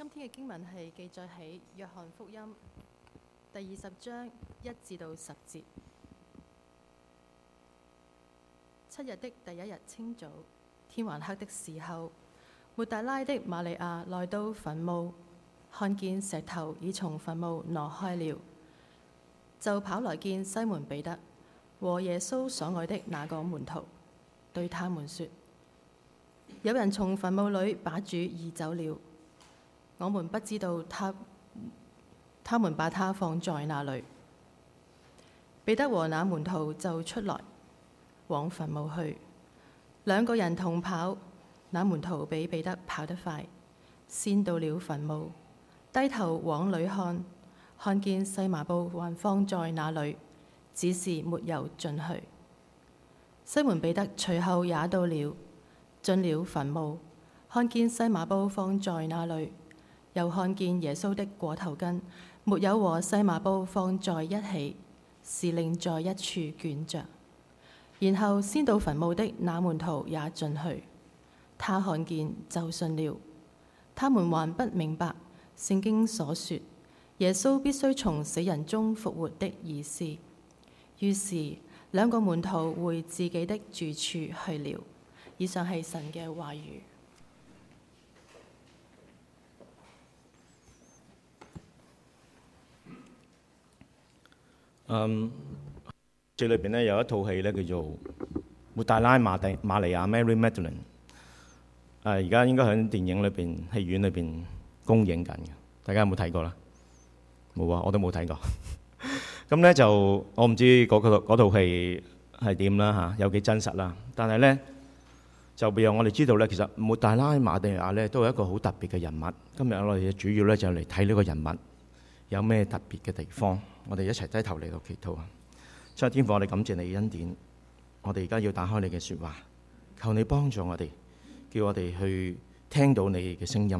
今天嘅經文係記載喺《約翰福音》第二十章一至到十節。節七日的第一日清早，天還黑的時候，抹大拉的馬利亞來到墳墓，看見石頭已從墳墓挪開了，就跑來見西門彼得和耶穌所愛的那個門徒，對他們說：有人從墳墓裡把主移走了。我們不知道他，他們把它放在哪裡。彼得和那門徒就出來往墳墓去，兩個人同跑，那門徒比彼得跑得快，先到了墳墓，低頭往裡看，看見細麻布還放在那裡，只是沒有進去。西門彼得隨後也到了，進了墳墓，看見細麻布放在那裡。又看見耶穌的裹頭巾沒有和細麻布放在一起，是另在一處捲着。然後先到墳墓的那門徒也進去，他看見就信了。他們還不明白聖經所說耶穌必須從死人中復活的意思。於是兩個門徒回自己的住處去了。以上係神嘅話語。嗯，um, 最裏邊咧有一套戲咧，叫做《抹大拉瑪蒂瑪利亞 Mary Magdalene》，誒、呃、而家應該喺電影裏邊戲院裏邊公映緊嘅，大家有冇睇過啦？冇啊，我都冇睇過。咁 咧就我唔知嗰套戲係點啦嚇、啊，有幾真實啦。但係咧就比如我哋知道咧，其實抹大拉瑪麗亞咧都係一個好特別嘅人物。今日我哋主要咧就嚟睇呢個人物。有咩特別嘅地方？我哋一齊低頭嚟到祈禱啊！將天父，我哋感謝你恩典。我哋而家要打開你嘅説話，求你幫助我哋，叫我哋去聽到你嘅聲音，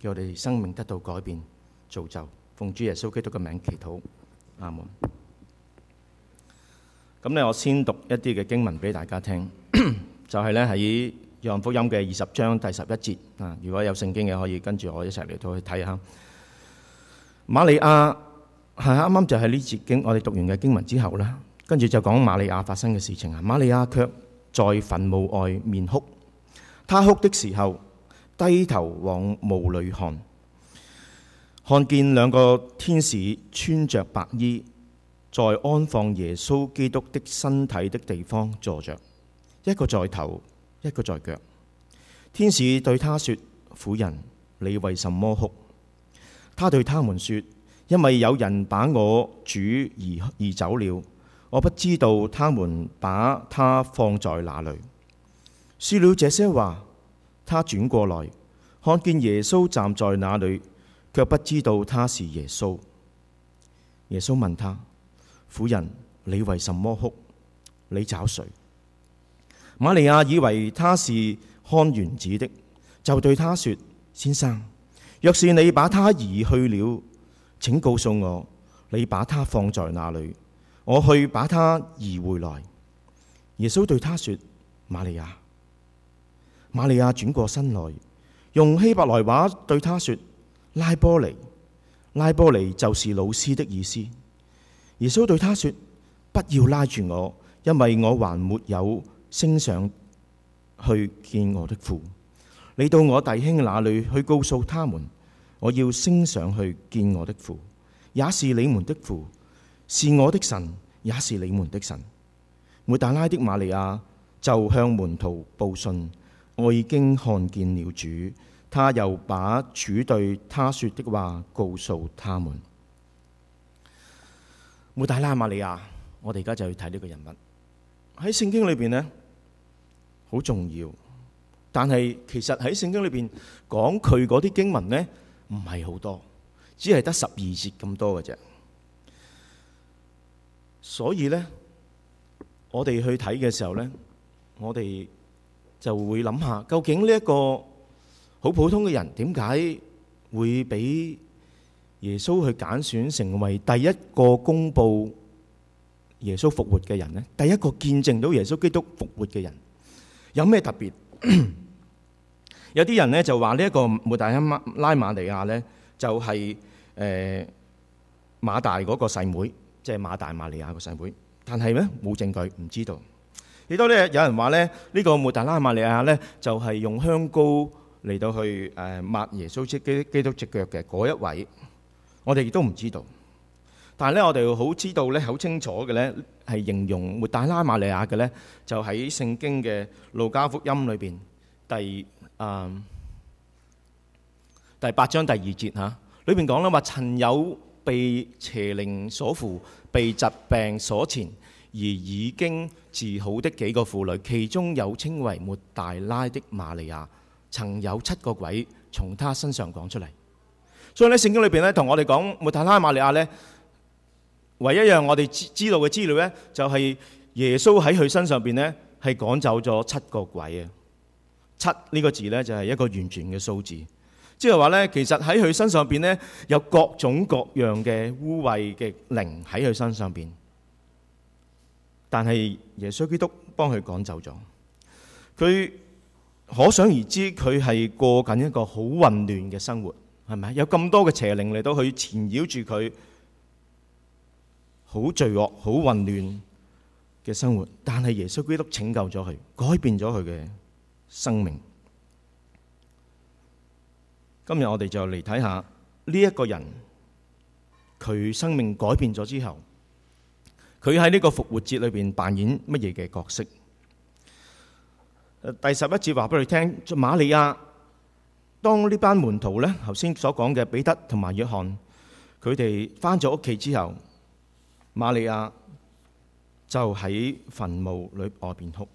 叫我哋生命得到改變、造就。奉主耶穌基督嘅名祈禱，阿門。咁咧，我先讀一啲嘅經文俾大家聽， 就係咧喺《約翰福音》嘅二十章第十一節啊！如果有聖經嘅，可以跟住我一齊嚟到去睇下。瑪利亞係啱啱就係呢節經，我哋讀完嘅經文之後啦，跟住就講瑪利亞發生嘅事情啊。瑪利亞却在墳墓外面哭，他哭的時候低頭往墓裏看，看見兩個天使穿着白衣，在安放耶穌基督的身體的地方坐着，一個在頭，一個在腳。天使對他說：婦人，你為什麼哭？他對他們說：，因為有人把我主移移走了，我不知道他們把他放在哪裡。說了這些話，他轉過來，看見耶穌站在那裡，却不知道他是耶穌。耶穌問他：，婦人，你為什麼哭？你找誰？馬利亞以為他是看園子的，就對他說：，先生。若是你把它移去了，請告訴我你把它放在哪裏，我去把它移回來。耶穌對他說：瑪利亞，瑪利亞轉過身來，用希伯來話對他說：拉波尼，拉波尼就是老師的意思。耶穌對他說：不要拉住我，因為我還沒有升上去見我的父。你到我弟兄那裏去告訴他們，我要升上去見我的父，也是你們的父，是我的神，也是你們的神。抹大拉的馬利亞就向門徒報信，我已經看見了主，他又把主對他說的話告訴他們。抹大拉馬利亞，我哋而家就去睇呢個人物喺聖經裏邊呢，好重要。但係其實喺聖經裏邊講佢嗰啲經文呢，唔係好多，只係得十二節咁多嘅啫。所以呢，我哋去睇嘅時候呢，我哋就會諗下，究竟呢一個好普通嘅人，點解會俾耶穌去揀選成為第一個公布耶穌復活嘅人呢？第一個見證到耶穌基督復活嘅人，有咩特別？ 有啲人咧就話呢一個抹大拉馬拉馬利亞咧，就係誒馬大嗰個細妹，即係馬大馬利亞個細妹。但係咧冇證據，唔知道。亦都咧，有人話咧，呢個抹大拉馬利亞咧就係用香膏嚟到去誒抹耶穌隻基基督隻腳嘅嗰一位。我哋亦都唔知道。但係咧，我哋好知道咧，好清楚嘅咧係形容抹大拉馬利亞嘅咧，就喺聖經嘅路加福音裏邊第嗯，um, 第八章第二節吓，啊，裏邊講咧話，曾有被邪靈所附、被疾病所纏而已經治好的幾個婦女，其中有稱為抹大拉的瑪利亞，曾有七個鬼從她身上講出嚟。所以咧，聖經裏邊咧，同我哋講抹大拉瑪利亞咧，唯一讓我哋知知道嘅資料咧，就係、是、耶穌喺佢身上邊呢，係趕走咗七個鬼啊。七呢、呢個字呢，就係、是、一個完全嘅數字，即係話呢，其實喺佢身上邊呢，有各種各樣嘅污穢嘅靈喺佢身上邊，但係耶穌基督幫佢趕走咗。佢可想而知，佢係過緊一個好混亂嘅生活，係咪？有咁多嘅邪靈嚟到去纏繞住佢，好罪惡、好混亂嘅生活。但係耶穌基督拯救咗佢，改變咗佢嘅。生命。今日我哋就嚟睇下呢一個人，佢生命改變咗之後，佢喺呢個復活節裏邊扮演乜嘢嘅角色？第十一節話俾你聽：馬利亞，當呢班門徒咧，頭先所講嘅彼得同埋約翰，佢哋翻咗屋企之後，馬利亞就喺墳墓裏外邊哭。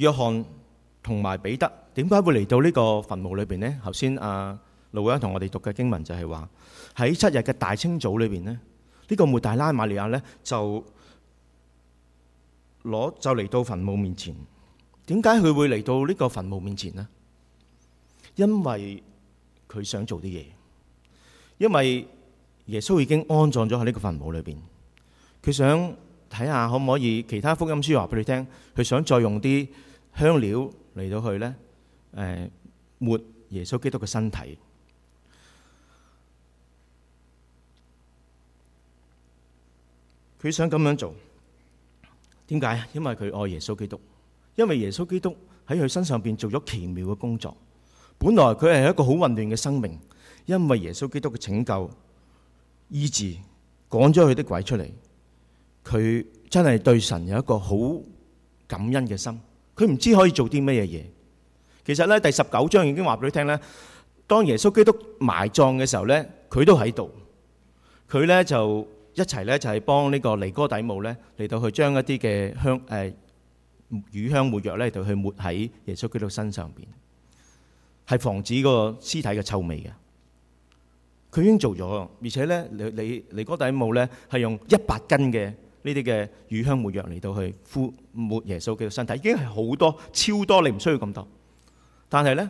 約翰同埋彼得點解會嚟到呢個墳墓裏邊呢？頭先阿路恩同我哋讀嘅經文就係話喺七日嘅大清早裏邊呢，呢、呢個抹大拉瑪利亞呢就攞就嚟到墳墓面前。點解佢會嚟到呢個墳墓面前呢？因為佢想做啲嘢，因為耶穌已經安葬咗喺呢個墳墓裏邊，佢想睇下可唔可以，其他福音書話俾你聽，佢想再用啲。香料嚟到去咧，誒、呃、抹耶穌基督嘅身體。佢想咁樣做點解？因為佢愛耶穌基督，因為耶穌基督喺佢身上邊做咗奇妙嘅工作。本來佢係一個好混亂嘅生命，因為耶穌基督嘅拯救、醫治，趕咗佢啲鬼出嚟，佢真係對神有一個好感恩嘅心。佢唔知可以做啲乜嘢嘢，其實咧第十九章已經話俾你聽咧，當耶穌基督埋葬嘅時候咧，佢都喺度，佢咧就一齊咧就係幫呢個尼哥底母咧嚟到去將一啲嘅香誒、呃、乳香抹藥咧，就去抹喺耶穌基督身上邊，係防止個屍體嘅臭味嘅。佢已經做咗，而且咧你你尼哥底母咧係用一百斤嘅。呢啲嘅乳香抹藥嚟到去敷抹耶穌嘅身體，已經係好多超多，你唔需要咁多。但係咧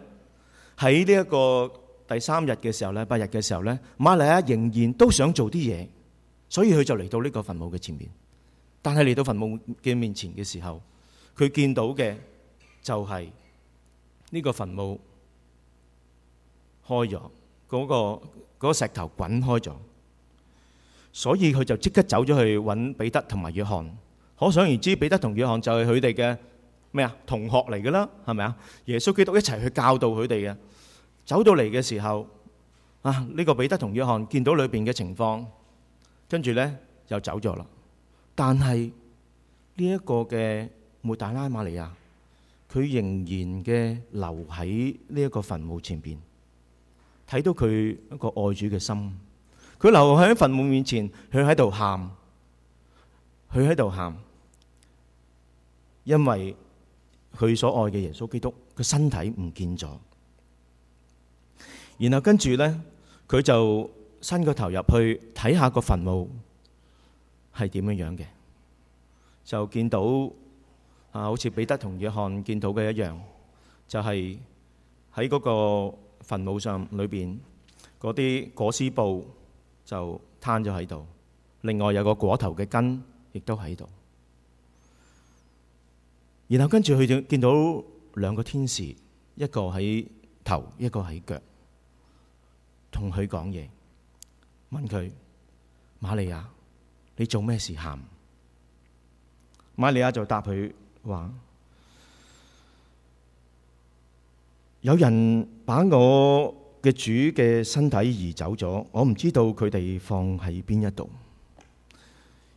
喺呢一個第三日嘅時候咧，八日嘅時候咧，瑪利亞仍然都想做啲嘢，所以佢就嚟到呢個墳墓嘅前面。但係嚟到墳墓嘅面前嘅時候，佢見到嘅就係呢個墳墓開咗，嗰、嗰個、嗰個石頭滾開咗。所以佢就即刻走咗去揾彼得同埋約翰。可想而知，彼得同約翰就係佢哋嘅咩啊同學嚟嘅啦，係咪啊？耶穌基督一齊去教導佢哋嘅。走到嚟嘅時候，啊呢個彼得同約翰見到裏邊嘅情況，跟住咧又走咗啦。但係呢一個嘅抹大拉瑪利亞，佢仍然嘅留喺呢一個墳墓前邊，睇到佢一個愛主嘅心。佢留喺喺墳墓面前，佢喺度喊，佢喺度喊，因為佢所愛嘅耶穌基督，佢身體唔見咗。然後跟住咧，佢就伸個頭入去睇下個墳墓係點樣樣嘅，就見到啊，好似彼得同約翰見到嘅一樣，就係喺嗰個墳墓上裏邊嗰啲裹屍布。就攤咗喺度，另外有個果頭嘅根亦都喺度。然後跟住佢就見到兩個天使，一個喺頭，一個喺腳，同佢講嘢，問佢：瑪利亞，你做咩事喊？瑪利亞就答佢話：有人擺我。嘅主嘅身體移走咗，我唔知道佢哋放喺邊一度。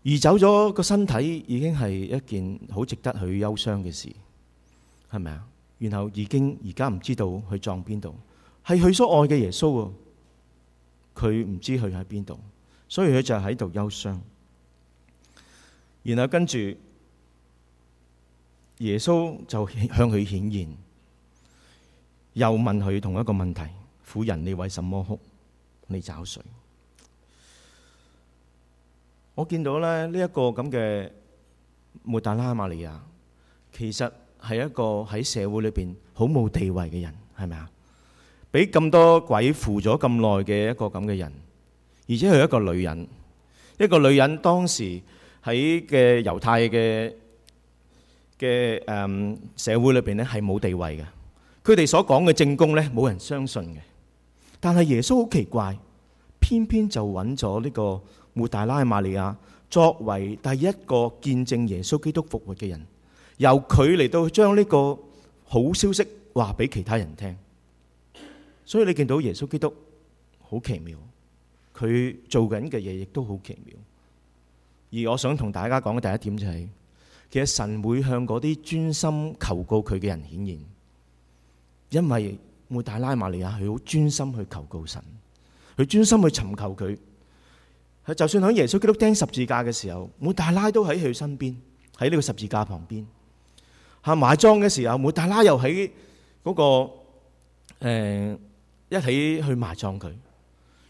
移走咗個身體已經係一件好值得佢憂傷嘅事，係咪啊？然後已經而家唔知道去葬邊度，係佢所愛嘅耶穌啊、哦，佢唔知佢喺邊度，所以佢就喺度憂傷。然後跟住耶穌就向佢顯現，又問佢同一個問題。婦人，你為什麼哭？你找誰？我見到咧，呢一個咁嘅抹大拉馬利亞，其實係一個喺社會裏邊好冇地位嘅人，係咪啊？俾咁多鬼附咗咁耐嘅一個咁嘅人，而且係一個女人。一個女人當時喺嘅猶太嘅嘅誒社會裏邊咧，係冇地位嘅。佢哋所講嘅證供咧，冇人相信嘅。但係耶穌好奇怪，偏偏就搵咗呢個抹大拉嘅瑪利亞作為第一個見證耶穌基督復活嘅人，由佢嚟到將呢個好消息話俾其他人聽。所以你見到耶穌基督好奇妙，佢做緊嘅嘢亦都好奇妙。而我想同大家講嘅第一點就係、是，其實神會向嗰啲專心求告佢嘅人顯現，因為。抹大拉瑪利亞，佢好專心去求告神，佢專心去尋求佢。佢就算喺耶穌基督釘十字架嘅時候，抹大拉都喺佢身邊，喺呢個十字架旁邊。吓埋葬嘅時候，抹大拉又喺嗰、那個誒、呃，一起去埋葬佢。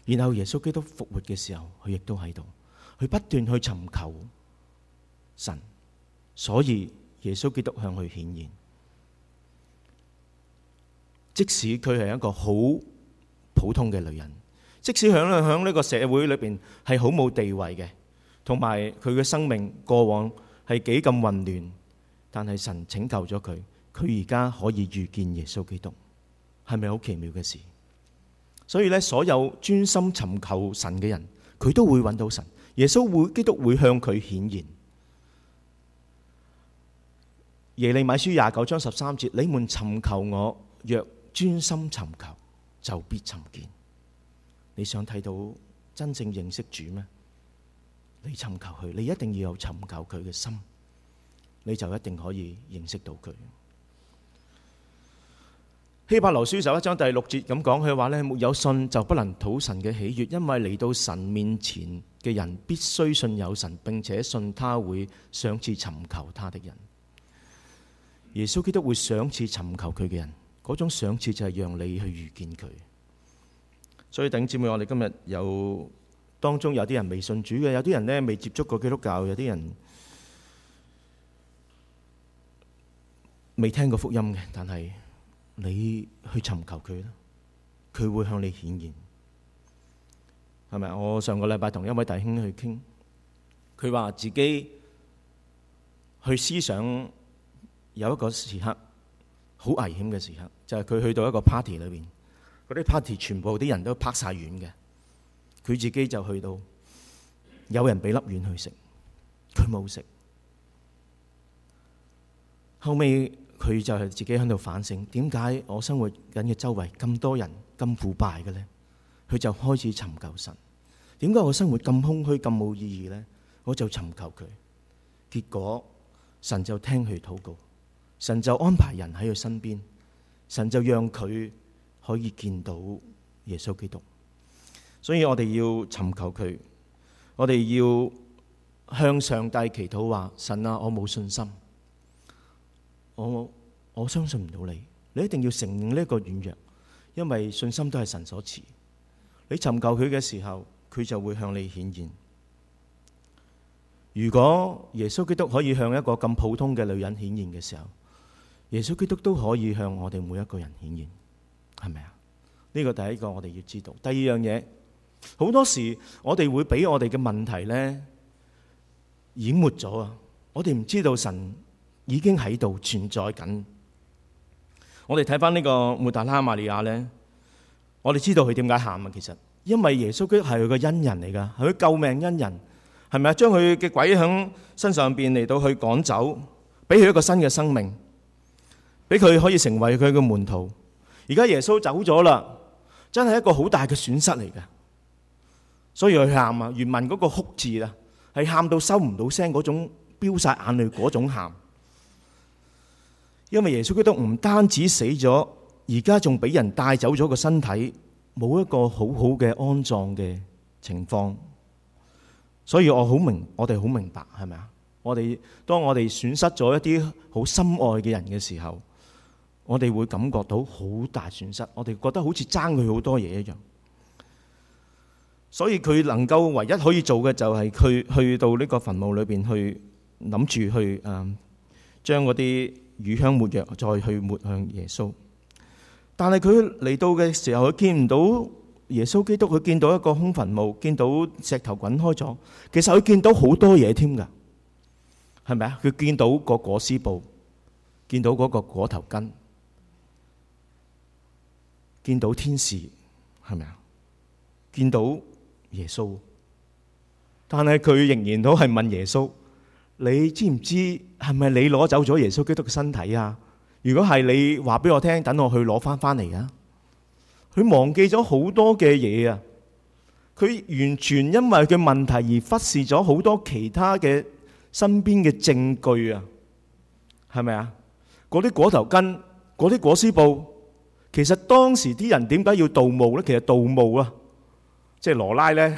然後耶穌基督復活嘅時候，佢亦都喺度，佢不斷去尋求神，所以耶穌基督向佢顯現。即使佢係一個好普通嘅女人，即使響響呢個社會裏邊係好冇地位嘅，同埋佢嘅生命過往係幾咁混亂，但係神拯救咗佢，佢而家可以遇見耶穌基督，係咪好奇妙嘅事？所以呢，所有專心尋求神嘅人，佢都會揾到神，耶穌會、基督會向佢顯現。耶利米書廿九章十三節，你們尋求我，若專心尋求，就必尋見。你想睇到真正認識主咩？你尋求佢，你一定要有尋求佢嘅心，你就一定可以認識到佢。希伯來書十一章第六節咁講，佢話咧：沒有信就不能討神嘅喜悅，因為嚟到神面前嘅人必須信有神，並且信他會賞賜尋求他的人。耶穌基督會賞賜尋求佢嘅人。嗰種賞賜就係讓你去遇見佢，所以等姊妹，我哋今日有當中有啲人未信主嘅，有啲人呢未接觸過基督教，有啲人未聽過福音嘅，但係你去尋求佢，佢會向你顯現，係咪？我上個禮拜同一位弟兄去傾，佢話自己去思想有一個時刻。好危險嘅時候，就係、是、佢去到一個 party 裏邊，嗰啲 party 全部啲人都拍晒丸嘅，佢自己就去到，有人俾粒丸去食，佢冇食。後尾，佢就係自己喺度反省，點解我生活緊嘅周圍咁多人咁腐敗嘅咧？佢就開始尋求神，點解我生活咁空虛、咁冇意義咧？我就尋求佢，結果神就聽佢禱告。神就安排人喺佢身邊，神就讓佢可以見到耶穌基督。所以我哋要尋求佢，我哋要向上帝祈禱話：神啊，我冇信心，我我相信唔到你。你一定要承認呢個軟弱，因為信心都係神所賜。你尋求佢嘅時候，佢就會向你顯現。如果耶穌基督可以向一個咁普通嘅女人顯現嘅時候，耶穌基督都可以向我哋每一個人顯現，係咪啊？呢、這個第一個我哋要知道。第二樣嘢，好多時我哋會俾我哋嘅問題咧淹沒咗啊！我哋唔知道神已經喺度存在緊。 我哋睇翻呢個抹大拉瑪利亞咧，我哋知道佢點解喊啊？其實因為耶穌基督係佢個恩人嚟噶，係佢救命恩人，係咪啊？將佢嘅鬼響身上邊嚟到去趕走，俾佢一個新嘅生命。俾佢可以成為佢嘅門徒，而家耶穌走咗啦，真係一個好大嘅損失嚟㗎。所以佢喊啊，原文嗰個哭字啊，係喊到收唔到聲嗰種，飆晒眼淚嗰種喊。因為耶穌佢都唔單止死咗，而家仲俾人帶走咗個身體，冇一個好好嘅安葬嘅情況。所以我好明，我哋好明白，係咪啊？我哋當我哋損失咗一啲好深愛嘅人嘅時候。我哋會感覺到好大損失，我哋覺得好似爭佢好多嘢一樣。所以佢能夠唯一可以做嘅就係佢去到呢個墳墓裏邊，去諗住去誒將嗰啲乳香沒藥，再去抹向耶穌。但係佢嚟到嘅時候，佢見唔到耶穌基督，佢見到一個空墳墓，見到石頭滾開咗。其實佢見到好多嘢添㗎，係咪啊？佢見到個裹屍布，見到嗰個裹頭巾。見到天使係咪啊？是是見到耶穌，但係佢仍然都係問耶穌：你知唔知係咪你攞走咗耶穌基督嘅身體啊？如果係你，話俾我聽，等我去攞翻翻嚟啊！佢忘記咗好多嘅嘢啊！佢完全因為佢問題而忽視咗好多其他嘅身邊嘅證據啊！係咪啊？嗰啲裹頭巾，嗰啲裹絲布。其實當時啲人點解要盜墓呢？其實盜墓啊，即係羅拉呢，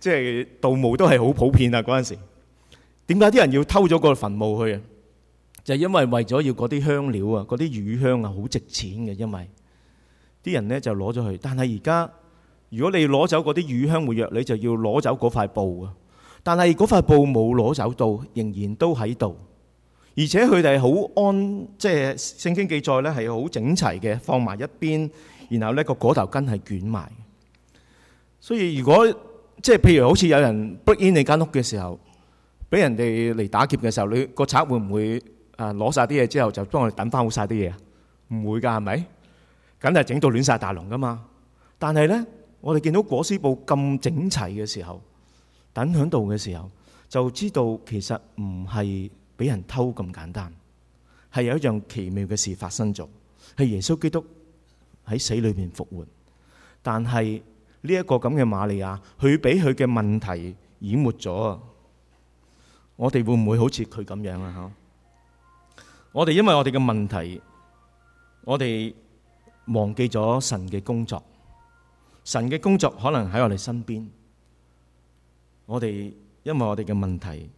即係盜墓都係好普遍啊！嗰陣時，點解啲人要偷咗個墳墓去啊？就係因為為咗要嗰啲香料啊，嗰啲乳香啊，好值錢嘅。因為啲人呢就攞咗去，但係而家如果你攞走嗰啲乳香活藥，你就要攞走嗰塊布啊。但係嗰塊布冇攞走到，仍然都喺度。而且佢哋係好安，即係聖經記載咧，係好整齊嘅，放埋一邊，然後咧，個裹頭巾係捲埋。所以如果即係譬如好似有人 break in 你間屋嘅時候，俾人哋嚟打劫嘅時候，你個賊會唔會啊攞晒啲嘢之後就幫我哋抌翻好晒啲嘢啊？唔會噶，係咪？梗係整到亂晒大龍噶嘛？但係咧，我哋見到裹屍布咁整齊嘅時候，抌喺度嘅時候，就知道其實唔係俾人偷咁簡單，係有一樣奇妙嘅事發生咗，係耶穌基督喺死裏面復活。但係呢一個咁嘅瑪利亞，佢俾佢嘅問題淹沒咗。我哋會唔會好似佢咁樣啊？我哋因為我哋嘅問題，我哋忘記咗神嘅工作。神嘅工作可能喺我哋身邊。我哋因為我哋嘅問題。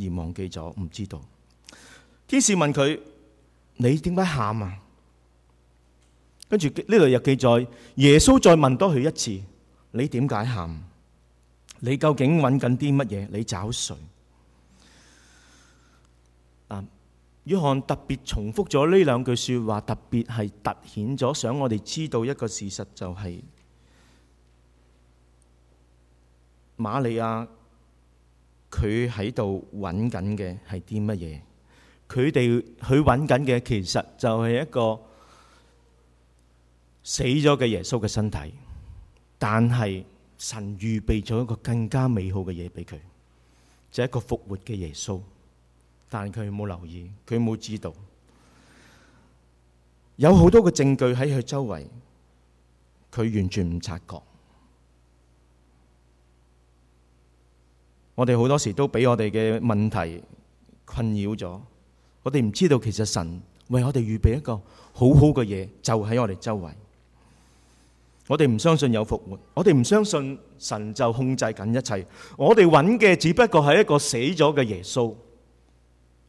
而忘記咗，唔知道。天使問佢：你點解喊啊？跟住呢度又記載耶穌再問多佢一次：你點解喊？你究竟揾緊啲乜嘢？你找誰？啊！約翰特別重複咗呢兩句說話，特別係突顯咗，想我哋知道一個事實，就係馬利亞。佢喺度揾緊嘅係啲乜嘢？佢哋佢揾緊嘅其實就係一個死咗嘅耶穌嘅身體，但係神預備咗一個更加美好嘅嘢俾佢，就係一個復活嘅耶穌。但佢冇留意，佢冇知道，有好多嘅證據喺佢周圍，佢完全唔察覺。我哋好多時都俾我哋嘅問題困擾咗，我哋唔知道其實神為我哋預備一個好好嘅嘢，就喺我哋周圍。我哋唔相信有復活，我哋唔相信神就控制緊一切。我哋揾嘅只不過係一個死咗嘅耶穌。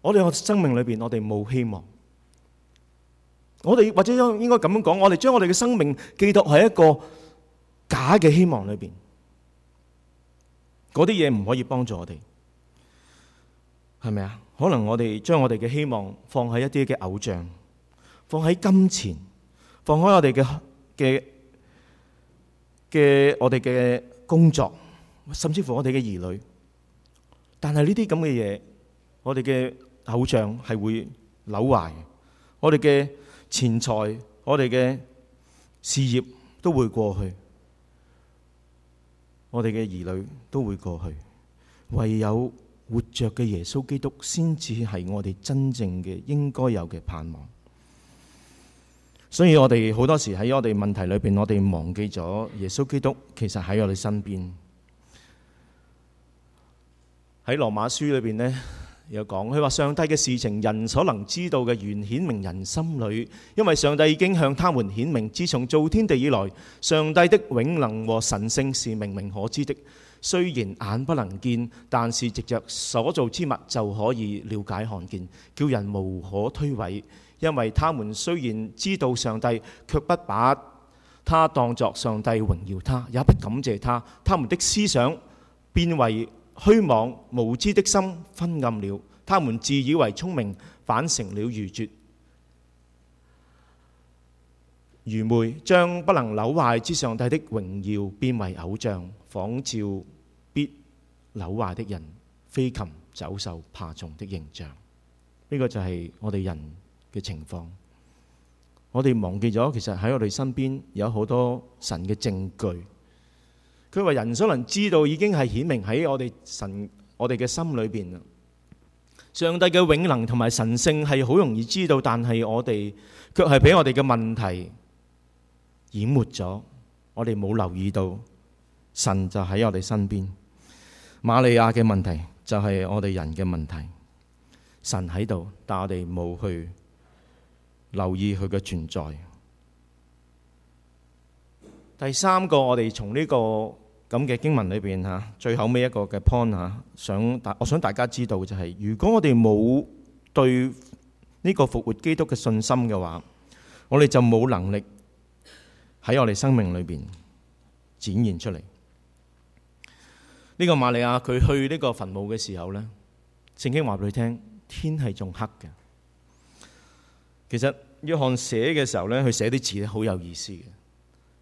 我哋生命裏邊，我哋冇希望。我哋或者應應該咁樣講，我哋將我哋嘅生命寄託喺一個假嘅希望裏邊。嗰啲嘢唔可以幫助我哋，係咪啊？可能我哋將我哋嘅希望放喺一啲嘅偶像，放喺金錢，放喺我哋嘅嘅嘅我哋嘅工作，甚至乎我哋嘅兒女。但係呢啲咁嘅嘢，我哋嘅偶像係會扭壞嘅，我哋嘅錢財，我哋嘅事業都會過去。我哋嘅兒女都會過去，唯有活着嘅耶穌基督，先至係我哋真正嘅應該有嘅盼望。所以我哋好多時喺我哋問題裏邊，我哋忘記咗耶穌基督，其實喺我哋身邊。喺羅馬書裏邊呢。有講佢話上帝嘅事情，人所能知道嘅，原顯明人心裏，因為上帝已經向他們顯明。自從造天地以來，上帝的永能和神性是明明可知的。雖然眼不能見，但是藉着所造之物就可以了解看見，叫人無可推諉。因為他們雖然知道上帝，卻不把他當作上帝榮耀他，也不感謝他。他們的思想變為。虛妄無知的心昏暗了，他們自以為聰明，反成了愚拙。愚昧將不能朽壞之上帝的榮耀變為偶像，仿照必朽壞的人、飛禽、走獸、爬蟲的形象。呢個就係我哋人嘅情況。我哋忘記咗，其實喺我哋身邊有好多神嘅證據。佢話人所能知道已經係顯明喺我哋神，我哋嘅心裏邊啦。上帝嘅永能同埋神性係好容易知道，但係我哋卻係俾我哋嘅問題淹沒咗。我哋冇留意到神就喺我哋身邊。瑪利亞嘅問題就係我哋人嘅問題。神喺度，但我哋冇去留意佢嘅存在。第三個，我哋從呢個。咁嘅經文裏邊嚇，最後尾一個嘅 point 嚇，想大我想大家知道就係，如果我哋冇對呢個復活基督嘅信心嘅話，我哋就冇能力喺我哋生命裏邊展現出嚟。呢個瑪利亞佢去呢個墳墓嘅時候咧，聖經話俾佢聽天係仲黑嘅。其實約翰寫嘅時候咧，佢寫啲字咧好有意思嘅，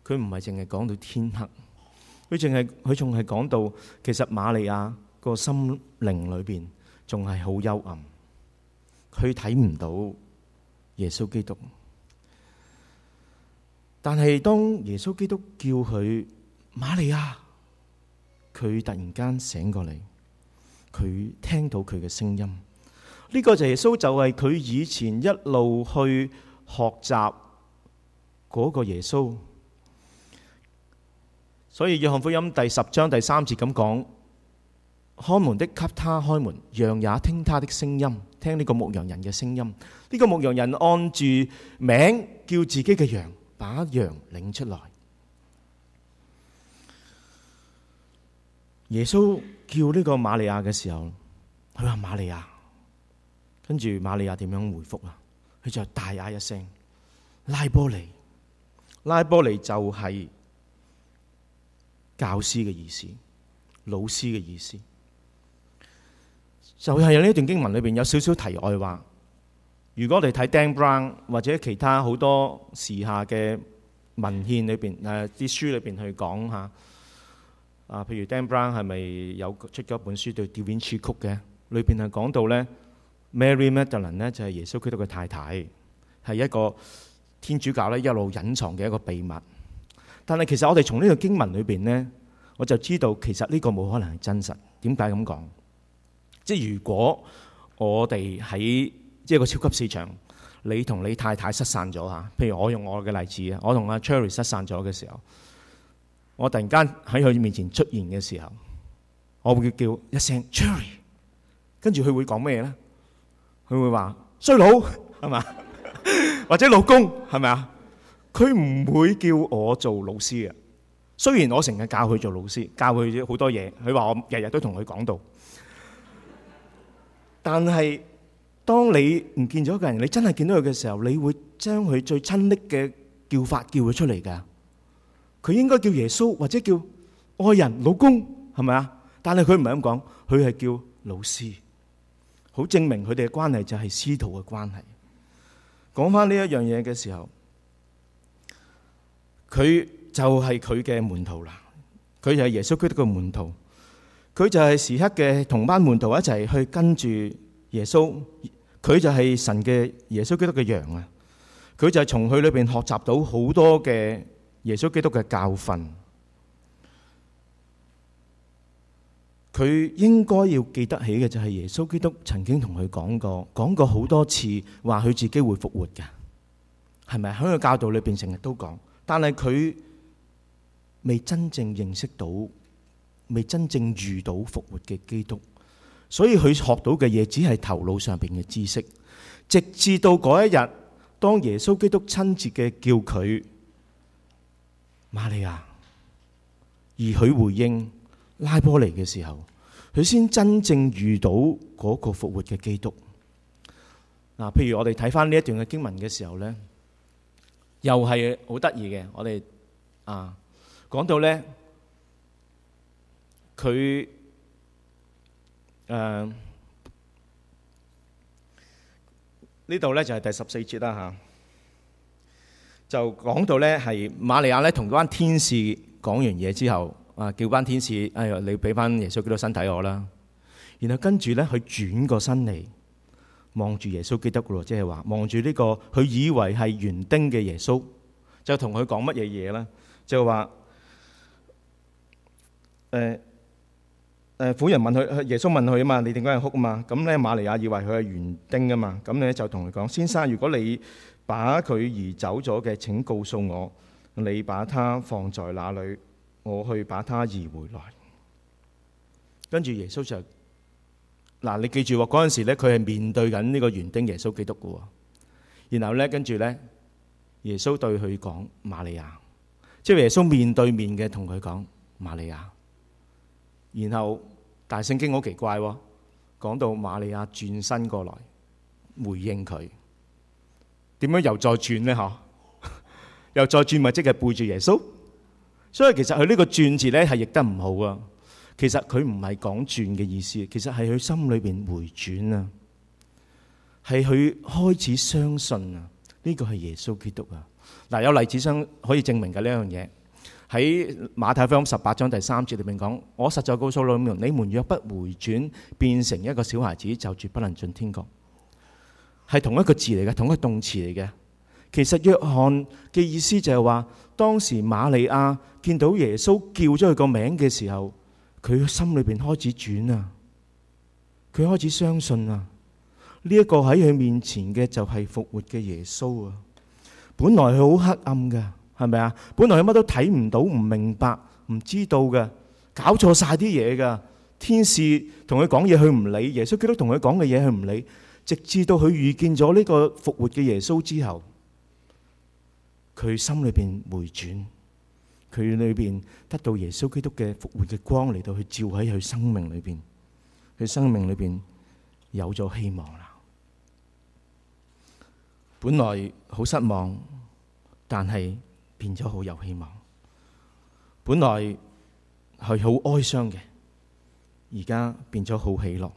佢唔係淨係講到天黑。佢淨係，佢仲係講到，其實瑪利亞個心靈裏邊仲係好幽暗，佢睇唔到耶穌基督。但係當耶穌基督叫佢瑪利亞，佢突然間醒過嚟，佢聽到佢嘅聲音，呢個就係耶穌，就係佢以前一路去學習嗰個耶穌。所以《約翰福音》第十章第三節咁講，開門的給他開門，羊也聽他的聲音，聽呢個牧羊人嘅聲音。呢、這個牧羊人按住名叫自己嘅羊，把羊領出來。耶穌叫呢個瑪利亞嘅時候，佢話瑪利亞，跟住瑪利亞點樣回覆啊？佢就大嗌一聲：拉波尼！拉波尼就係、是。教師嘅意思，老師嘅意思，就係有呢段經文裏邊有少少題外話。如果我哋睇 Dan Brown 或者其他好多時下嘅文獻裏邊，誒、啊、啲書裏邊去講下，啊，譬如 Dan Brown 係咪有出咗一本書叫《Da Vinci Code》嘅？裏邊係講到咧，Mary Magdalene 咧就係、是、耶穌基督嘅太太，係一個天主教咧一路隱藏嘅一個秘密。但係其實我哋從呢個經文裏邊咧，我就知道其實呢個冇可能係真實。點解咁講？即係如果我哋喺即係個超級市場，你同你太太失散咗吓，譬如我用我嘅例子啊，我同阿 Cherry 失散咗嘅時候，我突然間喺佢面前出現嘅時候，我會叫一聲 Cherry，跟住佢會講咩咧？佢會話 衰佬係嘛， 或者老公係咪啊？佢唔會叫我做老師嘅，雖然我成日教佢做老師，教佢好多嘢。佢話我日日都同佢講道， 但係當你唔見咗一個人，你真係見到佢嘅時候，你會將佢最親昵嘅叫法叫佢出嚟㗎。佢應該叫耶穌或者叫愛人、老公，係咪啊？但係佢唔係咁講，佢係叫老師，好證明佢哋嘅關係就係師徒嘅關係。講翻呢一樣嘢嘅時候。佢就係佢嘅門徒啦，佢就係耶穌基督嘅門徒，佢就係時刻嘅同班門徒一齊去跟住耶穌，佢就係神嘅耶穌基督嘅羊啊，佢就係從佢裏邊學習到好多嘅耶穌基督嘅教訓，佢應該要記得起嘅就係耶穌基督曾經同佢講過，講過好多次話佢自己會復活嘅，係咪？喺佢教導裏邊成日都講。但係佢未真正認識到，未真正遇到復活嘅基督，所以佢學到嘅嘢只係頭腦上邊嘅知識。直至到嗰一日，當耶穌基督親切嘅叫佢瑪利亞，而佢回應拉波尼嘅時候，佢先真正遇到嗰個復活嘅基督。嗱，譬如我哋睇翻呢一段嘅經文嘅時候呢，又係好得意嘅，我哋啊講到呢，佢誒呢度呢就係第十四節啦吓、啊，就講到呢，係瑪利亞呢同嗰班天使講完嘢之後，啊叫班天使，哎呀你俾翻耶穌基督身體我啦，然後跟住呢，佢轉個身嚟。望住耶穌基督噶咯，即係話望住呢個佢以為係園丁嘅耶穌，就同佢講乜嘢嘢咧？就話誒誒，婦人問佢，耶穌問佢啊嘛，你點解人哭啊嘛？咁咧，馬利亞以為佢係園丁啊嘛，咁咧就同佢講：先生，如果你把佢移走咗嘅，請告訴我，你把它放在哪裡，我去把它移回來。跟住耶穌就。嗱，你記住喎，嗰陣時咧，佢係面對緊呢個園丁耶穌基督嘅。然後咧，跟住咧，耶穌對佢講瑪利亞，即係耶穌面對面嘅同佢講瑪利亞。然後，大聖經好奇怪，哦，講到瑪利亞轉身過來回應佢，點樣又再轉咧？嗬， 又再轉咪即係背住耶穌？所以其實佢呢個轉字咧係譯得唔好啊。其實佢唔係講轉嘅意思，其實係佢心裏邊回轉啊，係佢開始相信啊，呢個係耶穌基督啊。嗱，有例子相可以證明嘅呢樣嘢，喺馬太福音十八章第三節裏面講，我實在告訴你們，你們若不回轉，變成一個小孩子，就絕不能進天國。係同一個字嚟嘅，同一個動詞嚟嘅。其實約翰嘅意思就係話，當時瑪利亞見到耶穌叫咗佢個名嘅時候。佢心裏邊開始轉啊，佢開始相信啊，呢一個喺佢面前嘅就係復活嘅耶穌啊！本來佢好黑暗噶，係咪啊？本來佢乜都睇唔到、唔明白、唔知道嘅，搞錯晒啲嘢噶。天使同佢講嘢，佢唔理；耶穌基督同佢講嘅嘢，佢唔理。直至到佢遇見咗呢個復活嘅耶穌之後，佢心裏邊回轉。佢裏面得到耶穌基督嘅復活嘅光嚟到去照喺佢生命裏面，佢生命裏面有咗希望啦。本來好失望，但係變咗好有希望。本來係好哀傷嘅，而家變咗好喜樂。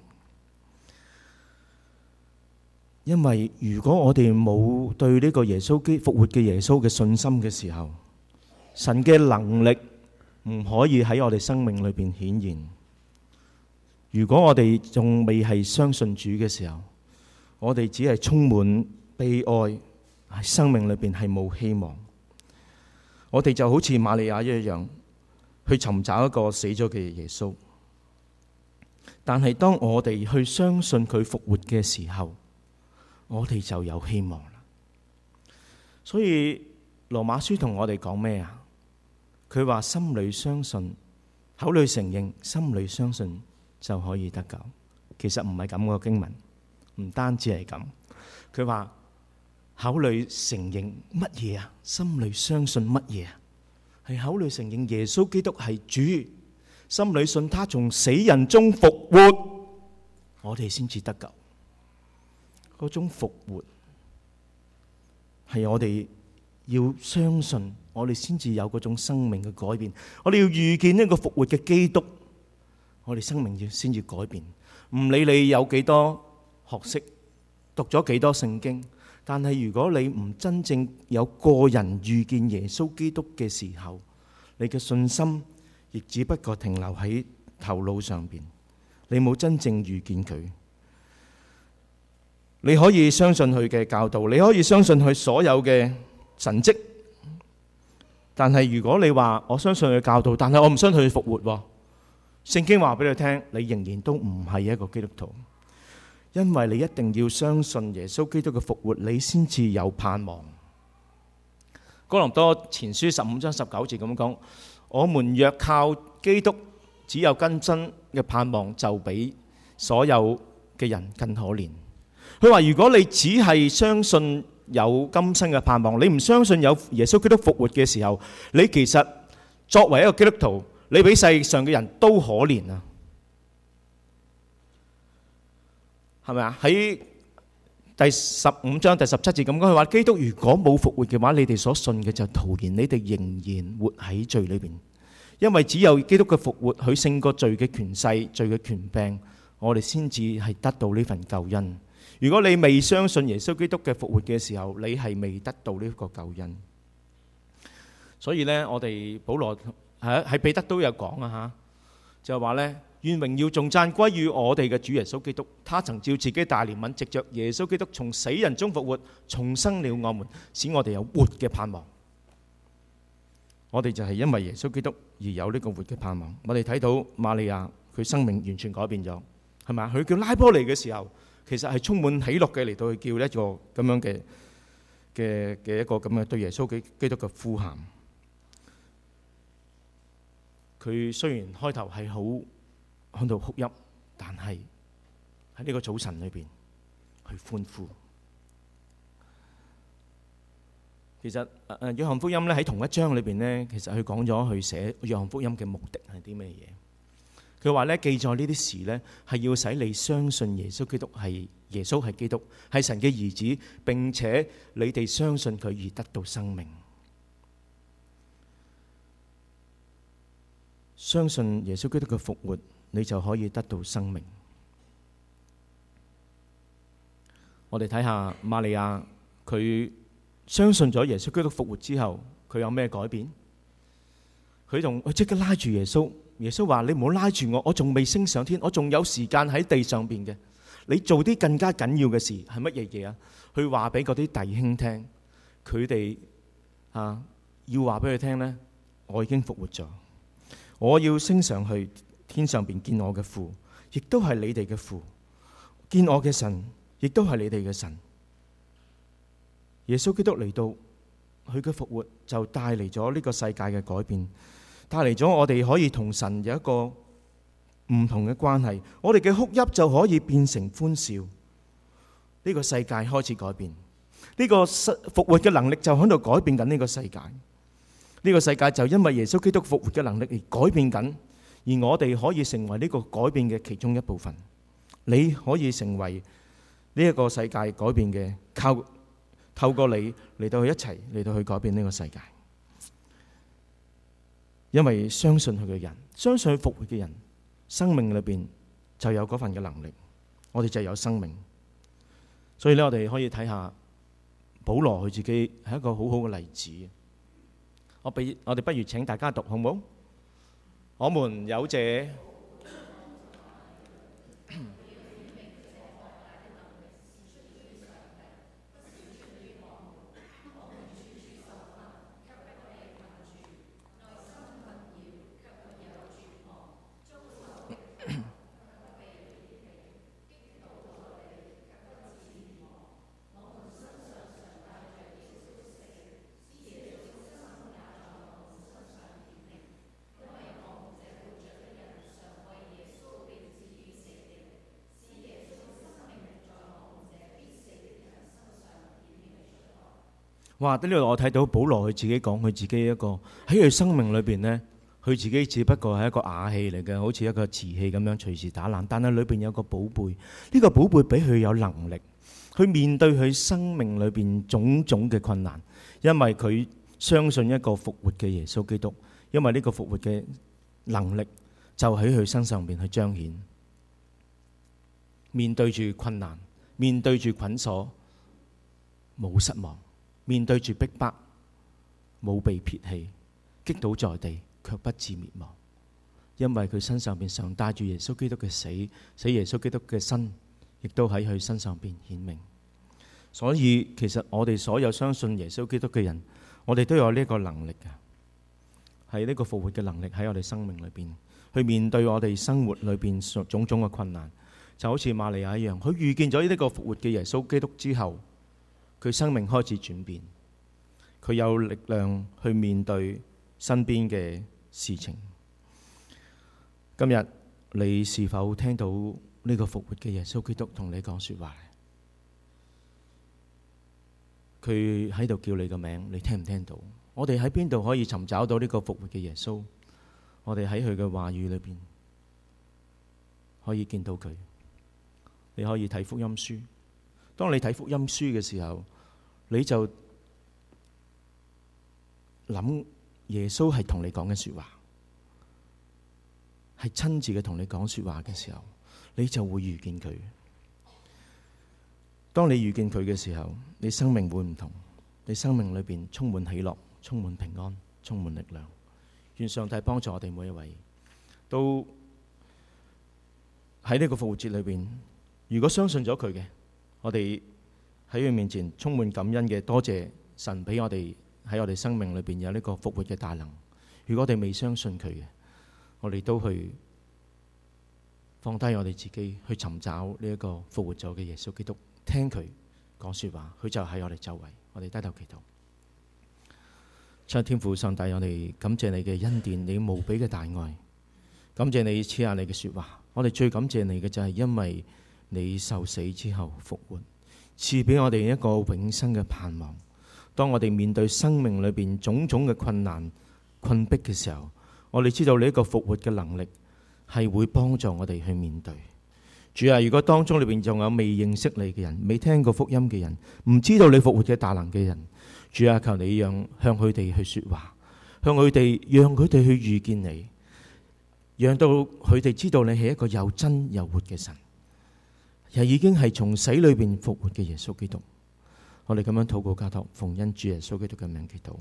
因為如果我哋冇對呢個耶穌基督復活嘅耶穌嘅信心嘅時候，神嘅能力唔可以喺我哋生命裏邊顯現。如果我哋仲未係相信主嘅時候，我哋只係充滿悲哀，喺生命裏邊係冇希望。我哋就好似瑪利亞一樣，去尋找一個死咗嘅耶穌。但係當我哋去相信佢復活嘅時候，我哋就有希望啦。所以羅馬書同我哋講咩啊？佢話心裏相信，口裏承認，心裏相信就可以得救。其實唔係咁個經文，唔單止係咁。佢話口裏承認乜嘢啊？心裏相信乜嘢啊？係口裏承認耶穌基督係主，心裏信他從死人中復活，我哋先至得救。嗰種復活係我哋要相信。我哋先至有嗰種生命嘅改變，我哋要遇見一個復活嘅基督，我哋生命要先至改變。唔理你有幾多學識，讀咗幾多聖經，但係如果你唔真正有個人遇見耶穌基督嘅時候，你嘅信心亦只不過停留喺頭腦上邊，你冇真正遇見佢。你可以相信佢嘅教導，你可以相信佢所有嘅神蹟。但係如果你話我相信佢教導，但係我唔相信佢復活，哦，聖經話俾你聽，你仍然都唔係一個基督徒，因為你一定要相信耶穌基督嘅復活，你先至有盼望。哥林多前書十五章十九節咁講：我們若靠基督只有根真嘅盼望，就比所有嘅人更可憐。佢話如果你只係相信。有今生嘅盼望，你唔相信有耶穌基督復活嘅時候，你其實作為一個基督徒，你比世上嘅人都可憐啊！係咪啊？喺第十五章第十七節咁講，佢話基督如果冇復活嘅話，你哋所信嘅就徒然，你哋仍然活喺罪裏邊。因為只有基督嘅復活，佢勝過罪嘅權勢、罪嘅權柄，我哋先至係得到呢份救恩。如果你未相信耶穌基督嘅復活嘅時候，你係未得到呢個救恩。所以呢，我哋保羅喺喺彼得都有講啊吓，就係話呢，願榮耀仲讚歸於我哋嘅主耶穌基督。他曾照自己大憐憫，藉着耶穌基督從死人中復活，重生了我們，使我哋有活嘅盼望。我哋就係因為耶穌基督而有呢個活嘅盼望。我哋睇到瑪利亞，佢生命完全改變咗，係咪？佢叫拉波尼嘅時候。其實係充滿喜樂嘅，嚟到去叫呢一個咁樣嘅嘅嘅一個咁嘅對耶穌基基督嘅呼喊。佢雖然開頭係好響度哭泣，但係喺呢個早晨裏邊去歡呼。其實《約翰福音》咧喺同一章裏邊咧，其實佢講咗佢寫《約翰福音》嘅目的係啲咩嘢？佢話咧記載呢啲事咧，係要使你相信耶穌基督係耶穌係基督係神嘅兒子，並且你哋相信佢而得到生命。相信耶穌基督嘅復活，你就可以得到生命。我哋睇下馬利亞，佢相信咗耶穌基督復活之後，佢有咩改變？佢仲，佢即刻拉住耶穌。耶穌話：你唔好拉住我，我仲未升上天，我仲有時間喺地上邊嘅。你做啲更加緊要嘅事，係乜嘢嘢啊？去話俾嗰啲弟兄聽，佢哋啊，要話俾佢聽呢：「我已經復活咗，我要升上去天上邊見我嘅父，亦都係你哋嘅父，見我嘅神，亦都係你哋嘅神。」耶穌基督嚟到，佢嘅復活就帶嚟咗呢個世界嘅改變。帶嚟咗我哋可以同神有一個唔同嘅關係，我哋嘅哭泣就可以變成歡笑。呢個世界開始改變，呢個復活嘅能力就喺度改變緊呢個世界。呢個世界就因為耶穌基督復活嘅能力而改變緊，而我哋可以成為呢個改變嘅其中一部分。你可以成為呢一個世界改變嘅，靠透過你嚟到去一齊嚟到去改變呢個世界。因為相信佢嘅人，相信佢復活嘅人，生命裏面就有嗰份嘅能力，我哋就有生命。所以咧，我哋可以睇下保羅佢自己係一個好好嘅例子。我比我哋不如請大家讀好唔好？我們有這。哇！呢度我睇到保羅佢自己講佢自己一個喺佢生命裏邊呢，佢自己只不過係一個瓦器嚟嘅，好似一個瓷器咁樣隨時打爛。但係裏邊有個寶貝，呢個寶貝俾佢有能力去面對佢生命裏邊種種嘅困難，因為佢相信一個復活嘅耶穌基督，因為呢個復活嘅能力就喺佢身上邊去彰顯。面對住困難，面對住捆鎖，冇失望。面對住逼迫，迫，冇被撇棄，擊倒在地卻不致滅亡，因為佢身上邊常帶住耶穌基督嘅死，使耶穌基督嘅身，亦都喺佢身上邊顯明。所以其實我哋所有相信耶穌基督嘅人，我哋都有呢一個能力㗎，係，呢個復活嘅能力喺我哋生命裏邊，去面對我哋生活裏邊種種嘅困難，就好似瑪利亞一樣，佢遇見咗呢一個復活嘅耶穌基督之後。佢生命開始轉變，佢有力量去面對身邊嘅事情。今日你是否聽到呢個復活嘅耶穌基督同你講說話？佢喺度叫你個名，你聽唔聽到？我哋喺邊度可以尋找到呢個復活嘅耶穌？我哋喺佢嘅話語裏邊可以見到佢。你可以睇福音書。當你睇福音書嘅時候，你就諗耶穌係同你講嘅說話，係親自嘅同你講說話嘅時候，你就會遇見佢。當你遇見佢嘅時候，你生命會唔同，你生命裏邊充滿喜樂，充滿平安，充滿力量。願上帝幫助我哋每一位，都喺呢個復活節裏邊，如果相信咗佢嘅。我哋喺佢面前充滿感恩嘅，多謝神俾我哋喺我哋生命裏邊有呢個復活嘅大能。如果我哋未相信佢嘅，我哋都去放低我哋自己去尋找呢一個復活咗嘅耶穌基督，聽佢講說話，佢就喺我哋周圍。我哋低頭祈禱，春天父上帝，我哋感謝你嘅恩典，你無比嘅大愛，感謝你賜下你嘅說話。我哋最感謝你嘅就係因為。你受死之後復活，賜俾我哋一個永生嘅盼望。當我哋面對生命裏邊種種嘅困難、困逼嘅時候，我哋知道你一個復活嘅能力係會幫助我哋去面對。主啊，如果當中裏邊仲有未認識你嘅人、未聽過福音嘅人、唔知道你復活嘅大能嘅人，主啊，求你讓向佢哋去說話，向佢哋讓佢哋去遇見你，讓到佢哋知道你係一個又真又活嘅神。又已經係從死裏邊復活嘅耶穌基督，我哋咁樣禱告交託，奉恩主耶穌基督嘅名祈禱。